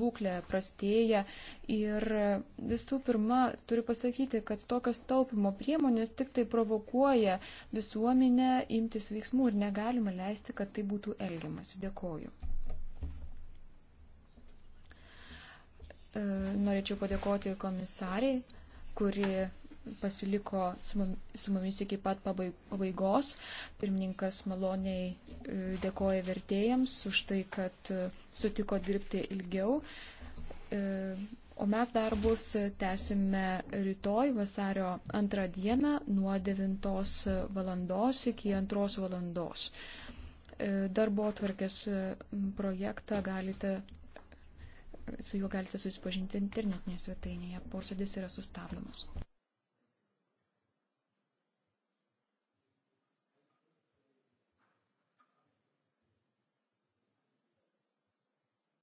būklė prastėja. Ir visų pirma, turiu pasakyti, kad tokios taupimo priemonės tik tai provokuoja visuomenę imtis veiksmų ir negalima leisti, kad tai būtų elgiamas. Dėkoju. E, norėčiau padėkoti komisariai, kuri pasiliko su mumis iki pat pabaigos. Pirmininkas maloniai e, dėkoja vertėjams už tai, kad e, sutiko dirbti ilgiau. E, o mes darbus tęsime rytoj vasario antrą dieną nuo 9 valandos iki 2 valandos. Darbo atvarkės projektą galite su juo galite susipažinti internetinėje svetainėje. Posėdis yra sustabdomas.